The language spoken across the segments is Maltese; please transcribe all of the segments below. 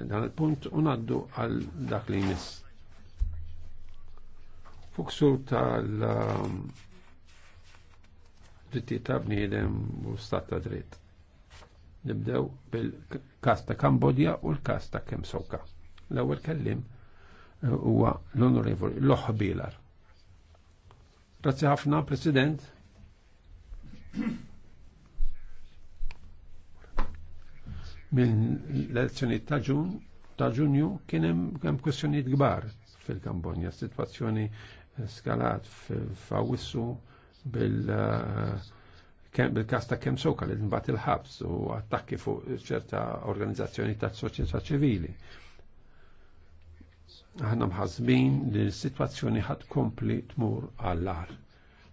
dan il-punt unaddu għal dak li jmiss. Fuksur tal ġitti um, ta' bniedem u stat ta' dritt. Nibdew bil kasta Kambodja u l kasta ta' Kemsoka. L-ewwel kellim uh, huwa l-Onorevoli Loħ Bilar. Grazzi ħafna, President. mill-elezzjoni ta' ġun ta' ġunju kien hemm kwestjonijiet kbar fil-Kambonja, Sitwazzjoni skalat f'Awissu bil- eh, bil-kas ta' kem soka li nbat il-ħabs u attakki fuq ċerta organizzazzjoni ta' soċjetà ċivili. Aħna mħazbin li s-situazzjoni ħad kompli tmur għall-ar.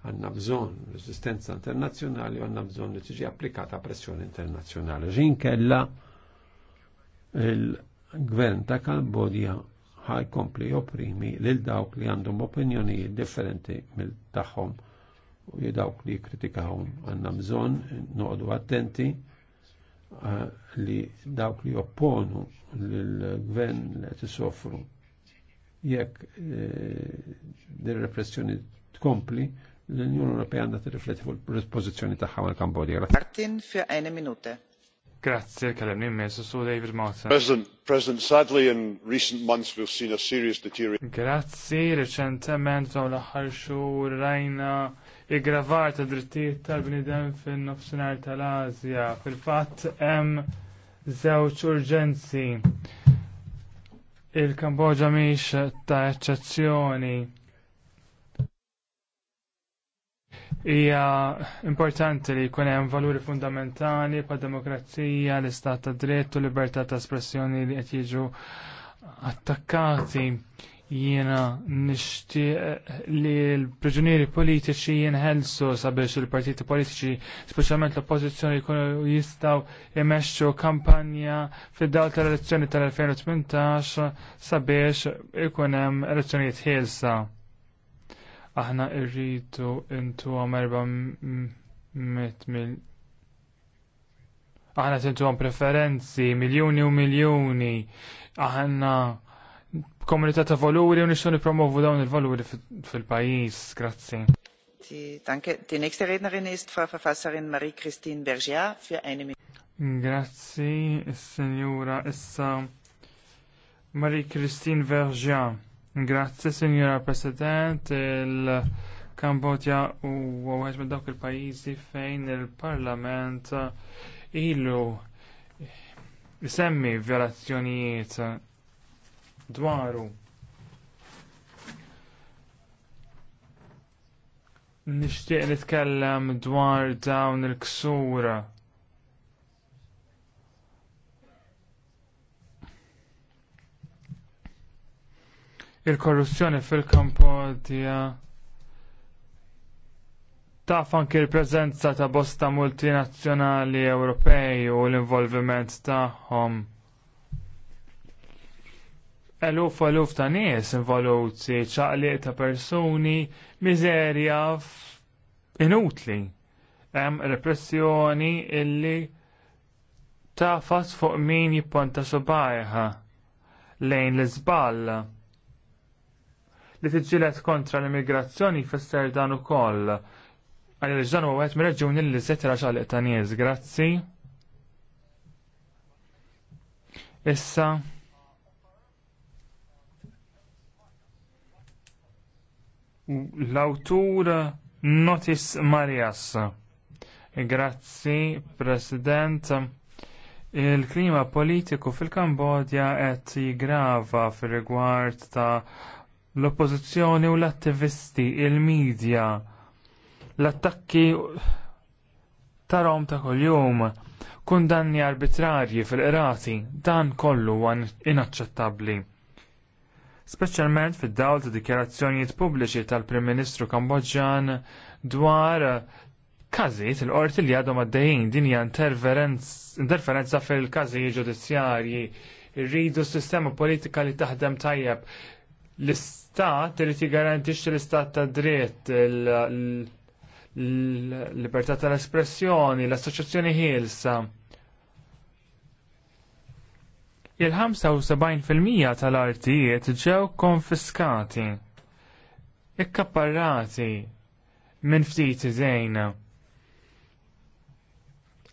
Għanna bżon resistenza internazzjonali u għanna bżon li tiġi applikata pressjoni internazzjonali. Ġin kella il-gvern ta' Kambodja ħaj kompli opprimi lil dawk li għandhom opinjoni differenti mill taħħom u dawk li kritikawhom għandna bżon noqdu attenti eh, li dawk li opponu l-gvern li qed isofru jekk eh, dir repressjoni tkompli l-Unjoni Ewropea għandha tirrifletti fuq il-pożizzjoni tagħha mal-Kambodja. Martin fi 1 minuta. Grazie, kalem nimmes, su David Martin. President, President, sadly in recent months we've seen a serious deterioration. Grazie, l-aħħar xhur rajna iggravar ta' drittijiet tal-bnidem fin-nofsinhar tal-Asja. Fil-fatt hemm żewġ urġenzi. Il-Kambodġa mhix ta' eċċezzjoni hija importanti li jkun hemm valuri fundamentali pa' demokrazija, l-istat ta' dritt u libertà ta' espressjoni li qed jiġu attakkati jiena nixtieq li l-priġunieri politiċi jinħelsu sabiex il-partiti politiċi, speċjalment l-oppożizzjoni jkunu jistgħu jemesċu kampanja fid-dawl tal-elezzjoni tal-2018 sabiex ikun hemm elezzjonijiet ħielsa aħna rridu intu għam 400 mil aħna tintu għam preferenzi miljoni u miljoni aħna komunità ta' valuri u nixtu nipromovu dawn il-valuri fil-pajis grazzi Danke. Die nächste Rednerin ist Frau Verfasserin Marie-Christine Bergier für eine Minute. Grazie, signora. Essa Marie-Christine Vergier. Grazzi, Signora President. Il-Kambodja u għuħħġ minn dawk il-pajizi fejn il-Parlament ilu semmi violazzjonijiet dwaru. Nixtieq nitkellem dwar dawn il-ksura il-korruzzjoni fil-Kampodja taf anki l-preżenza ta' bosta multinazzjonali Ewropej u l-involviment tagħhom. Eluf eluf ta' nies involuti, ċaqliq ta' persuni, miżerja inutli. Hemm repressjoni illi tafas fuq min jipponta subajħa lejn l-iżball li tiġġieled kontra l-immigrazzjoni jfisser dan ukoll. Għaliex dan huwa wieħed mir-reġuni li setra xalq ta' nies, grazzi. Issa l-awtur Notis Marias. Grazzi, President. Il-klima politiku fil-Kambodja qed jigrava fir rigward ta' l-oppożizzjoni u l-attivisti, il midja l-attakki tarhom ta' kuljum, kundanni arbitrarji fil-qrati, dan kollu huwa inaċċettabbli. Speċjalment fid-dawl ta' dikjarazzjonijiet pubbliċi tal-Prim Ministru Kambodġan dwar każijiet il-qorti li għadhom għaddejjin din hija interferenza fil-każijiet ġudizzjarji rridu s-sistema politika li taħdem tajjeb L-istat irid jiggarantix l-istat ta' dritt, l-libertà tal-espressjoni, l-assoċjazzjoni ħielsa. Il-75% tal-artijiet ġew konfiskati, ikkapparrati minn ftit iżejn.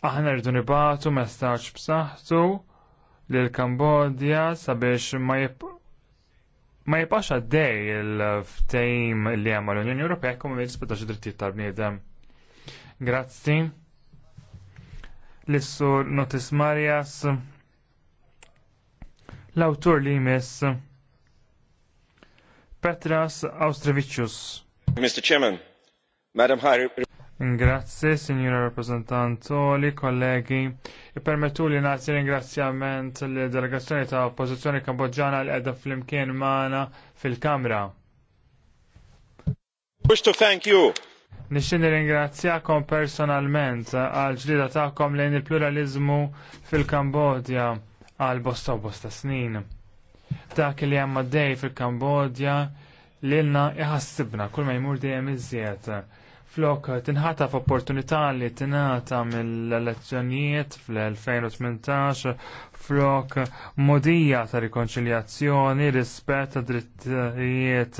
Aħna rridu nibatu messaġġ b'saħħtu lil Kambodja sabiex ma jibqa' ma jibqax għaddej il-ftejm li hemm l-Unjoni Ewropea jekk ma jirrispettax drittijiet tal-bniedem. Grazzi. L-issur Notis Marias l-awtur li jmiss Petras Austrevicius. Mr. Chairman, Madam High Ingrazzi, Signora Rappresentantoli, kollegi. Permettu li nagħti ringrazzjament l-delegazzjoni ta' oppożizzjoni Kambodġana li qiegħda flimkien magħna fil-Kamra. Wish to thank you. Nixin ringrazzjakom personalment għal ġlida tagħkom lejn il-pluralizmu fil-Kambodja għal bosta u bosta snin. Dak li hemm dej fil-Kambodja lilna iħassibna kull ma jmur dejjem iżjed flok tinħata f'opportunità li tingħata mill-elezzjonijiet fl-2018 flok modija ta' rikonċiljazzjoni, rispett ta' drittijiet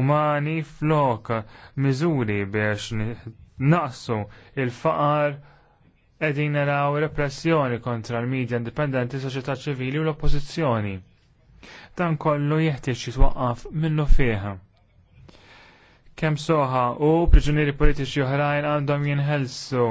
umani flok miżuri biex naqsu il-faqar edin naraw repressjoni kontra l-medja indipendenti, soċjetà ċivili u l-oppożizzjoni. Dan kollu jeħtieġ jitwaqqaf minnu fih kemm soħa u priġunieri politiċi oħrajn għandhom jinħelsu.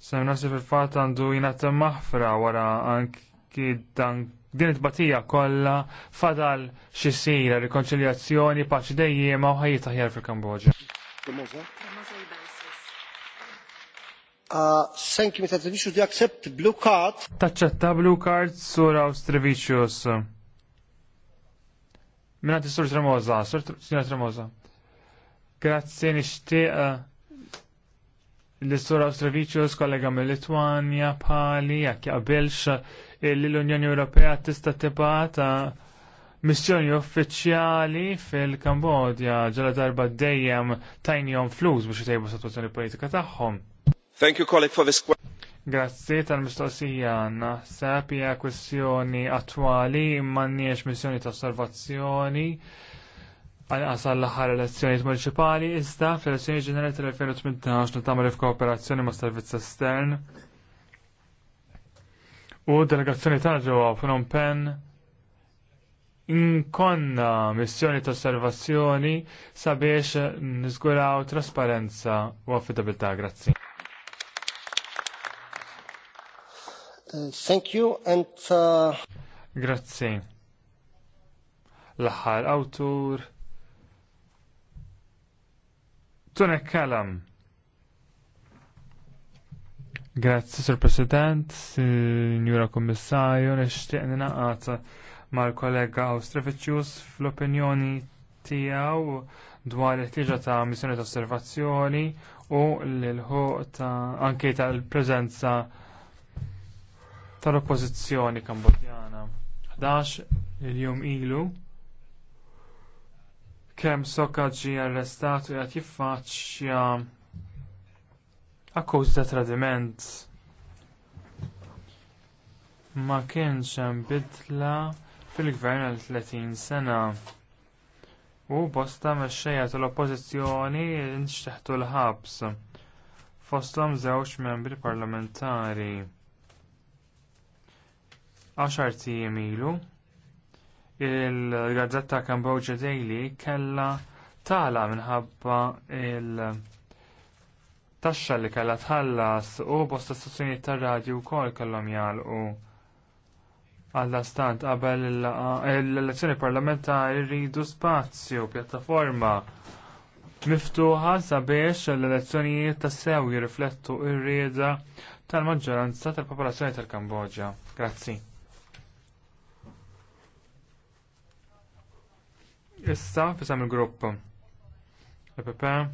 Sem nasi fil fatt għandu jingħata maħfra wara anki dan din it-batija kollha fadal xi sira rikonċiljazzjoni paċi dejjema u ħajja taħjar fil-Kambodġa. Uh, thank you, Mr. Trevicius. accept blue card? Taċċetta blue card sura Strevicius. Minna t-sur Tremoza, sur Tremoza. Grazzi nixtieq eh, l-Istur Austrovicius kollega mill-Litwanja pali, jekk jaqbilx li l-Unjoni Ewropea tista' tibata missjoni uffiċjali fil-Kambodja ġala darba dejjem tajnijom flus biex jtejbu situazzjoni politika tagħhom. Thank you, colleague, for this question. Grazzi tal-mistoqsija naħseb hija kwestjoni attwali m'għandniex missjoni ta' osservazzjoni għasal l aħħar elezzjoni municipali iżda fl-elezzjoni ġenerali tal-2018 f f'kooperazzjoni ma' servizz estern u delegazzjoni tagħna ġewwa Phnom Pen inkonna missjoni ta' osservazzjoni sabiex niżguraw trasparenza u affidabilità. Grazzi. Thank you and uh... Grazzi. L-aħħar autur. Tunek Kalam. Grazzi, Sir President, Signora Kommissarju, nishtiq ninaqat mal-kollega Austrefeċius fl-opinjoni tijaw dwar it tiġa ta' missjoni ta' osservazzjoni u l-ħu ta' anke ta' l-prezenza tal-oppozizjoni kambodjana. 11 il-jum ilu kemm Soka ġie arrestat u qed jiffaċċja akkużi ta' tradiment. Ma kienx hemm bidla fil-gvern għal 30 sena. U bosta mexxejja tal-Oppożizzjoni nxteħtu l-ħabs fosthom żewġ membri parlamentari. Għaxar tiem ilu il-Gazzetta Cambodia Daily kellha tala minħabba il- taxxa li kellha tħallas u bosta stazzjonijiet tar-radju wkoll kellhom jagħlqu għalla stant qabel l-elezzjoni parlamentari rridu spazju, pjattaforma miftuħa sabiex l-elezzjonijiet ta' sew jirriflettu r rieda tal-maġġoranza tal-popolazzjoni tal-Kambodġa. Grazzi. Issa fisam il-grupp EPP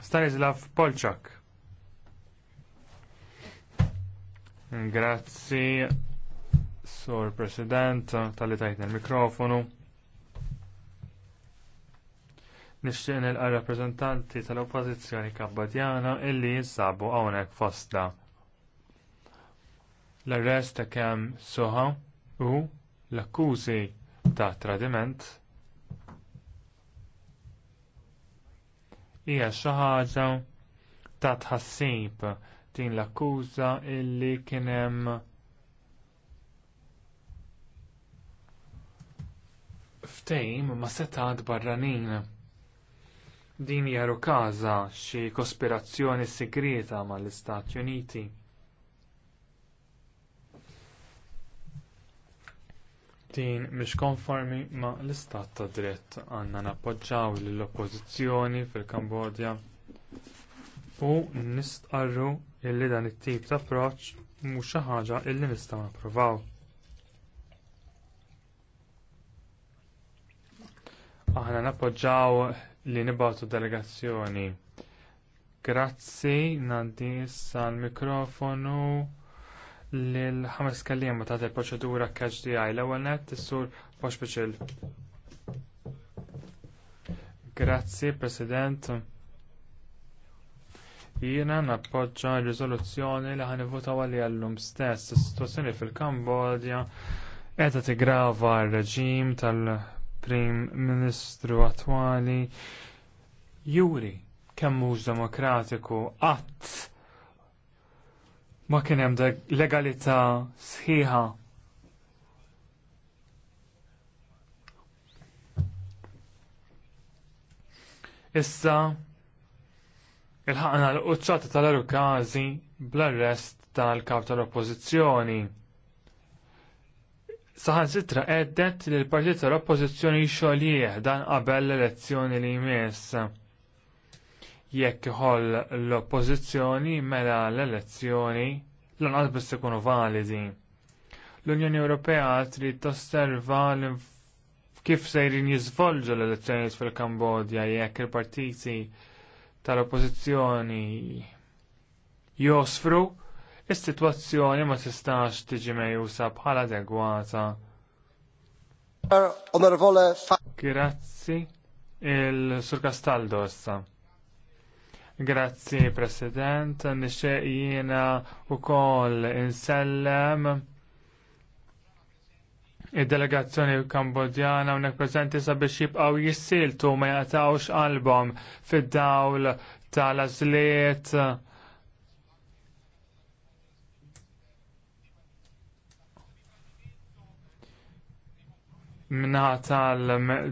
Stanislav Polczak. Grazzi, Sur President, tal-li tajt il mikrofonu Nixtieq nilqa' rappreżentanti tal-Oppożizzjoni kabbadjana illi jinsabu hawnhekk fosta. L-arrest ta' kemm soħa u l-akkużi ta' tradiment hija xi ħaġa ta' tħassib din l-akkuża illi kien hemm ftehim ma' setat barranin. Din jaru każa xi kospirazzjoni segreta mal-Istati Uniti. din mhix konformi ma l-istat ta' dritt għandna nappoġġjaw lill-oppożizzjoni fil-Kambodja u nistqarru illi dan it-tip ta' approċċ mhux xi ħaġa illi nistgħu napprovaw. Aħna nappoġġjaw li nibgħatu delegazzjoni. Grazzi, nandi sal mikrofonu l-ħames kallima ta' il-proċedura catch the eye l-ewwel nett is-sur Foxbiċil. Grazzi, President. Jiena nappoġġa r-riżoluzzjoni li ħanivvutaw għalli għallum stess. Is-sitwazzjoni fil-Kambodja qiegħda tigrava r-reġim tal-Prim Ministru attwali juri kemm mhux demokratiku qatt ma kien hemm legalità sħiħa. Issa il-ħaqna l qudċata tal arukazi bl-arrest tal-kap tal-oppożizzjoni. Saħan sitra għeddet li l-partit tal-oppożizzjoni xolieħ dan qabel l-elezzjoni li jmiss jekk iħoll l-oppożizzjoni mela l-elezzjoni lanqas biss ikunu validi. L-Unjoni Ewropea trid tosserva kif sejrin jiżvolġu l-elezzjonijiet fil-Kambodja jekk il-partiti tal-oppożizzjoni josfru, is-sitwazzjoni ma tistax tiġi mejjusa bħala adegwata. Grazzi il-Sur Castaldo issa. Grazzi President, nixtieq jiena wkoll insellem id-delegazzjoni kambodjana hawnhekk preżenti sabiex jibqaw jissiltu ma jaqtawx qalbhom fid-dawl tal-azliet minnaħa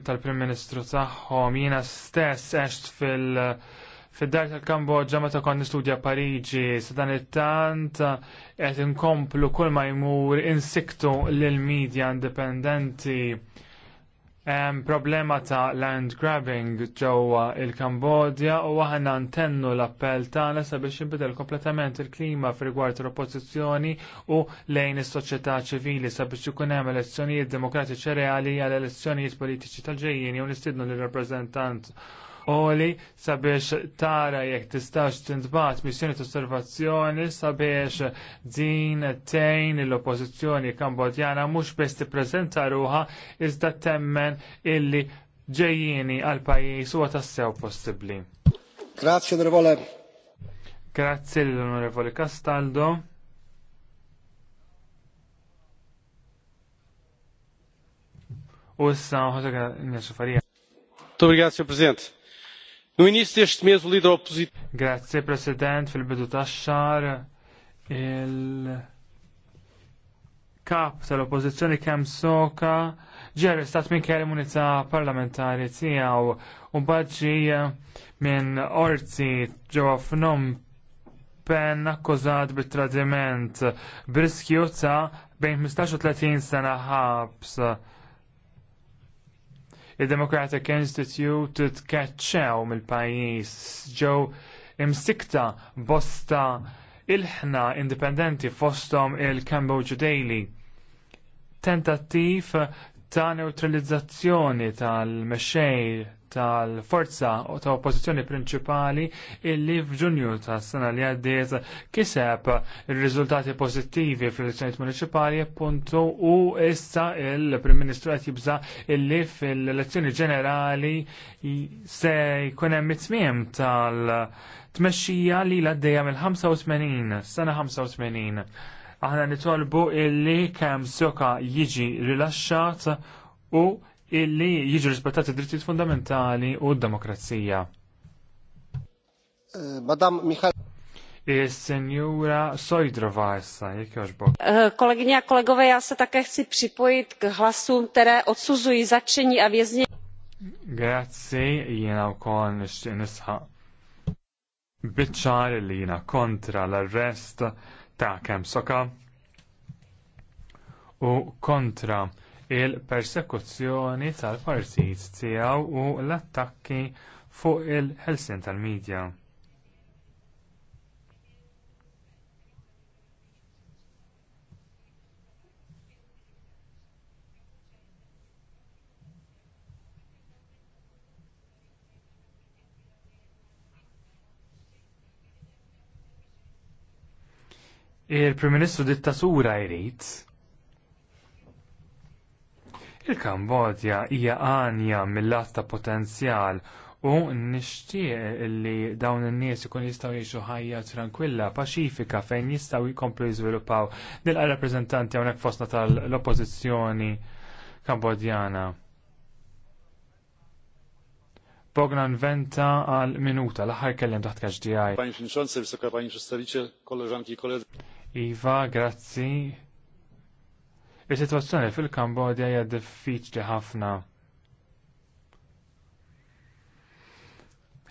tal-Prim Ministru tagħhom jiena stess għext fil- Fid-dar tal-Kambodġa meta kont nistudja Pariġi, sa dan it-tant qed inkomplu kull ma jmur insiktu lil media indipendenti. Hemm problema ta' land grabbing ġewwa il-Kambodja u aħna ntennu l-appell tagħna sabiex inbidel kompletament il-klima f'rigward l-oppożizzjoni u lejn is-soċjetà ċivili sabiex ikun hemm elezzjonijiet demokratiċi reali għal elezzjonijiet politiċi tal-ġejjin u nistidnu lir rappreżentant oli sabiex tara jekk tistax tintbat missjoni t osservazzjoni sabiex din tejn l-oppożizzjoni Kambodjana mhux t tippreżenta ruha iżda temmen illi ġejjini għal pajjiż huwa tassew possibbli. Grazie, onorevole. Grazie l-onorevole Castaldo. U issa, ħotek, n-nesu President. Grazie, President. Fil-bidu tax-xar, il-kap tal-oppozizjoni kem soka ġer stat minn kelli munita parlamentari tijaw u bħadġi minn orti ġewa f'nom pen akkużat bit-tradiment briskju ta' bejn 15 u 30 sena ħabs. Il-Democratic Institute tkeċċew mill-pajis ġew imsikta bosta ilħna indipendenti fostom il-Cambodia Daily. Tentattiv ta' neutralizzazzjoni tal-mexxej tal-forza ta' oppożizzjoni prinċipali illi f'Ġunju tas sena li għaddiet kiseb ir-riżultati pożittivi fl-elezzjonijiet municipali appuntu u issa il-Prim Ministru qed jibża illi fil-elezzjoni ġenerali se jkun hemm it-tmiem tal tmexxija li l-għaddejja mill-85 sena 85. Aħna nitolbu illi kemm soka jiġi rilaxxat u illi jiġu rispettati id drittijiet fundamentali u d-demokrazija. Eh, Madam Michal. Senjura Sojdrova essa, jak jożbo. Eh, kolegyně a kolegové, já se také chci připojit k hlasům, které odsuzují začení a věznění. Grazzi, jiena u kol nishtiq nisħa bitċar li jiena kontra l-arrest ta' kem soka u kontra il-persekuzzjoni tal-partit tiegħu u l-attakki fuq il-ħelsien tal-midja. Il-Prim Ministru dittatura jrid Il-Kambodja hija għanja mill-lat ta' potenzjal u nixtieq li dawn in-nies ikun jistgħu jgħixu ħajja tranquilla, paċifika fejn jistgħu jkomplu jiżviluppaw nilqa' rappreżentanti hawnhekk fosna tal-oppożizzjoni Kambodjana. Bognan Venta għal minuta l-aħħar kellem taħt kaġdijaj. Panie Przewodniczący, Wysoka Pani Przedstawiciel, koleżanki i koledzy. Iva, grazzi, Is-sitwazzjoni fil-Kambodja hija diffiċli ħafna.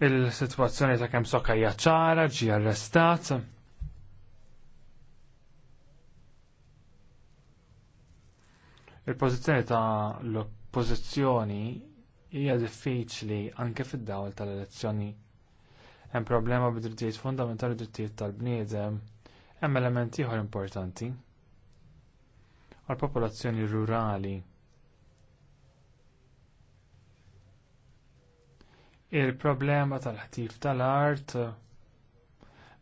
Il-sitwazzjoni ta' kemm sokka hija ċara, ġie arrestat. Il-pożizzjoni ta' l-oppożizzjoni hija diffiċli anke fid-dawl tal-elezzjoni. Hemm problema bid-drittijiet fundamentali drittijiet tal-bniedem, hemm elementi ieħor importanti għall popolazzjoni rurali. Il-problema tal-ħtif tal-art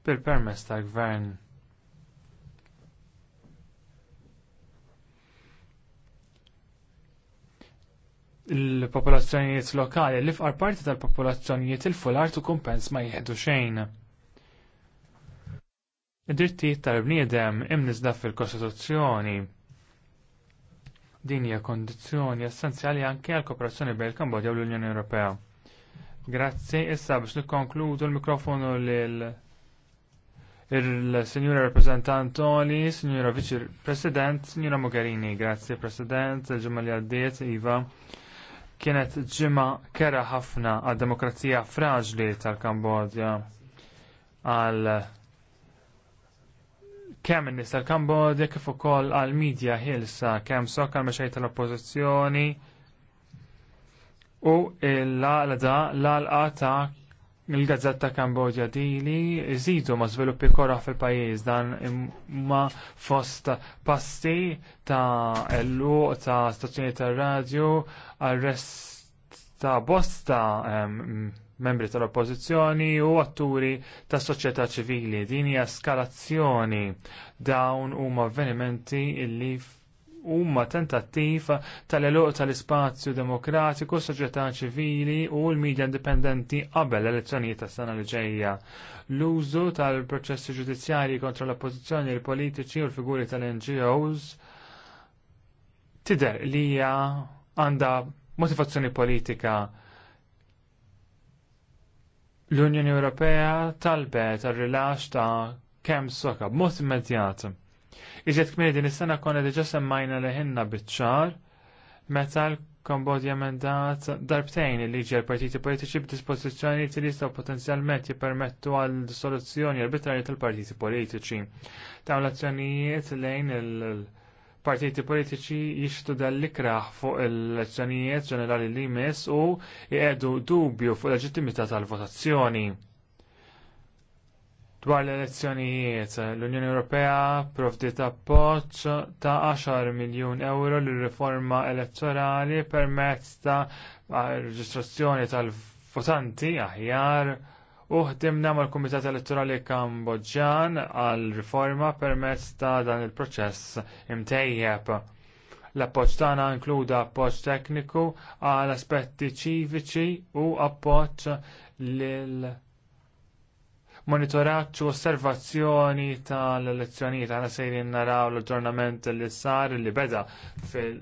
bil-permess tal-gvern. il-popolazzjonijiet lokali, l fqar parti tal-popolazzjonijiet il-fular tu kumpens ma jieħdu xejn. Id-drittijiet tal-bniedem imnisda fil-Kostituzzjoni Din hija kondizzjoni essenzjali anke għal kooperazzjoni bejn il-Kambodja u l-Unjoni Ewropea. Grazzi, issa biex nikkonkludu l-mikrofonu lil il Rappresentant Rappresentantoli, Sinjura Vice President, Signora Mogherini, grazzi President, il-ġimma li għaddiet, Iva, kienet ġimma kera ħafna għad-demokrazija fraġli tal-Kambodja għal kemm in-nies tal-Kambodja kif ukoll għal media ħilsa kemm sok għal mexej tal-oppożizzjoni u l-għalda l-għalqa ta' il-gazzetta Kambodja dili iżidu ma' żviluppi korra fil-pajjiż dan imma fost pasti ta' l-lu ta' stazzjoni tar-radju arrest ta' bosta membri tal-oppożizzjoni u atturi tas soċjetà ċivili. Din hija skalazzjoni dawn huma avvenimenti illi huma tentattiv tal-eluq tal-ispazju demokratiku, soċjetà ċivili u l-medja indipendenti qabel l-elezzjonijiet tas-sena li ġejja. L-użu tal-proċessi ġudizzjarji kontra l-oppożizzjoni l-politiċi u l-figuri tal-NGOs tidher li hija għandha motivazzjoni politika L-Unjoni Ewropea talbet ar rilax ta' kemm soka b'mod immedjat. Iżed kmieni din is-sena konna diġà semmajna leħinna biċ-ċar meta l-Kambodja mendat darbtejn li l partiti politiċi b'dispożizzjoni li jistgħu potenzjalment jippermettu għal soluzzjoni arbitrarji tal-partiti politiċi. Dawn l-azzjonijiet lejn il- partiti politiċi jixtu dal-ikraħ fuq il-elezzjonijiet ġenerali li jmiss u jgħedu dubju fuq leġittimità tal-votazzjoni. Dwar l-elezzjonijiet, l-Unjoni Ewropea ta' poċ ta' 10 miljun euro l riforma elettorali permezz ta' reġistrazzjoni tal-votanti aħjar uħdimna ħdimna mal-Kumitat Elettorali Kambodġan għal riforma permezz ta' dan il-proċess imtejjeb. L-appoġġ tagħna inkluda appoġġ tekniku għal aspetti ċiviċi u appoġġ lil monitorat u osservazzjoni tal-elezzjonijiet tal sejrin naraw l-ġornament li sar li beda fil-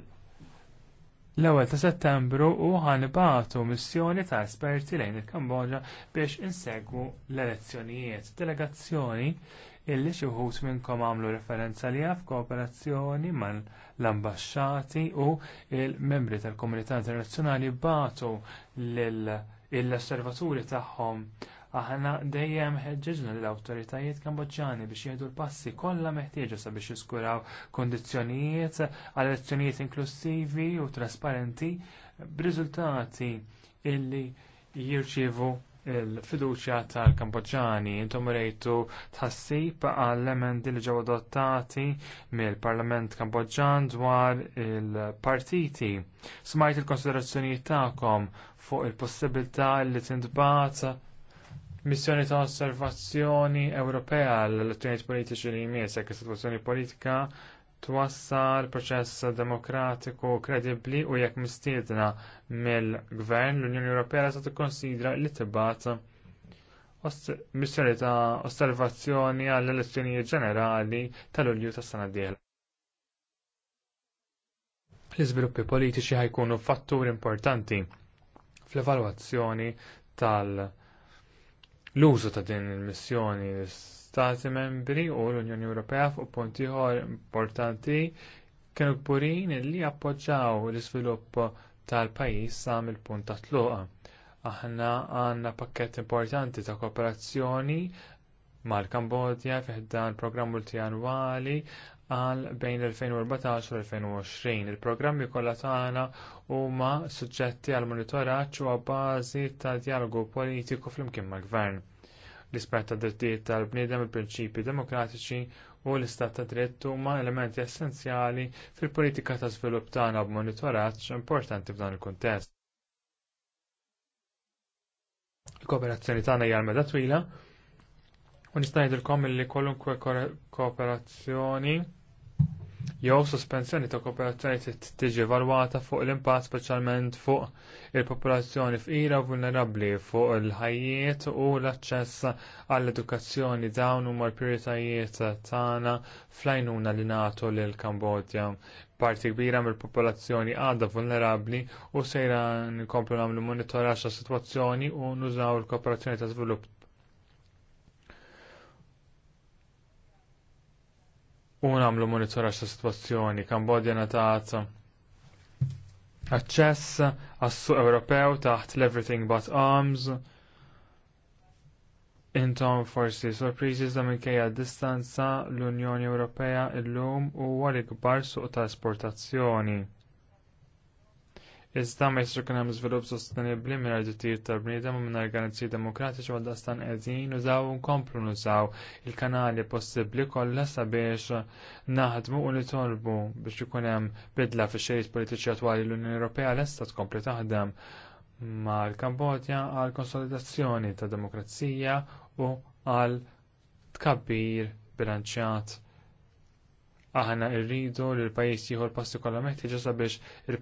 L-ewwel ta' Settembru u ħanibatu missjoni ta' esperti lejn il-Kambodġa biex insegwu l-elezzjonijiet. Delegazzjoni illi xi wħud minnkom għamlu referenza liha f'kooperazzjoni mal l-ambasċati u l membri tal-komunità internazzjonali batu lill osservaturi tagħhom Aħna dejjem ħeġġeġna lill awtoritajiet Kambodġani biex jieħdu l-passi kollha meħtieġa sabiex jiskuraw kondizzjonijiet għal elezzjonijiet inklusivi u trasparenti b'riżultati illi jirċievu il-fiduċja tal-Kambodġani intom rejtu tħassib għall-emendi li ġew adottati mill-Parlament Kambodġan dwar il-partiti. Smajt il-konsiderazzjonijiet tagħkom fuq il-possibilità li tintbagħat missjoni ta' osservazzjoni Ewropea l elezzjoni politiċi li jmiss jekk is-sitwazzjoni politika twassal proċess demokratiku kredibbli u jekk mistiedna mill-Gvern l-Unjoni Ewropea se tikkonsidra li tibgħat missjoni ta' osservazzjoni għall-elezzjonijiet ġenerali tal-Ulju tas-sena d-dieħla l-iżviluppi politiċi ħajkunu fattur importanti fl-evalwazzjoni tal- l-użu ta' din il-missjoni l-Stati membri u l-Unjoni Ewropea fuq punti ieħor importanti kienu kburin li appoġġaw l-iżvilupp tal-pajjiż sa mill-punt ta' tluqa. Aħna għandna pakkett importanti ta' kooperazzjoni mal-Kambodja fiħdan programm multianwali għal bejn l-2014 u l-2020. Il-programmi kollha tagħna huma suġġetti għal monitoraġġ u bażi ta' dialogu politiku flimkien mal-gvern. Rispett tad drittijiet tal-bniedem il-prinċipji demokratiċi u l-istat ta' dritt huma elementi essenzjali fil-politika ta' żvilupp tagħna b'monitoraġġ importanti f'dan il-kuntest. Il-kooperazzjoni tagħna hija meda twila u nista' ngħidilkom li kwalunkwe kooperazzjoni jew sospensjoni ta' kooperazzjoni tiġi evalwata fuq l-impatt speċjalment fuq il-popolazzjoni f'ira vulnerabbli fuq il-ħajjiet u l-aċċess għall-edukazzjoni dawn huma l-prijoritajiet tagħna fl-għajnuna li nagħtu lil Kambodja. Parti kbira mill-popolazzjoni għadha vulnerabbli u sejra nkomplu nagħmlu monitoraġġ ta' sitwazzjoni u nużaw il-kooperazzjoni ta' żvilupp u nagħmlu monitoraċ ta' sitwazzjoni. Kambodja ngħatat aċċess għas-suq Ewropew taħt l-Everything But Arms. Intom forsi sorpriżi da minkejja distanza l-Unjoni Ewropea illum huwa l-ikbar suq ta' esportazzjoni. Iżda ma jistax ikun hemm iżvilupp sostenibbli mingħajr drittijiet tal-bniedem u mingħajr garanziji demokratiċi għal dastan qegħdin użaw u nkomplu nużaw il-kanali possibbli kollha sabiex naħdmu u nitolbu biex ikun hemm bidla fix-xejn politiċi attwali l-Unjoni Ewropea lesta tkompli taħdem mal-Kambodja għal konsolidazzjoni ta' demokrazija u għal tkabbir bilanċjat. Aħna rridu li l-pajis jieħu l-passi kollha meħtieġa sabiex il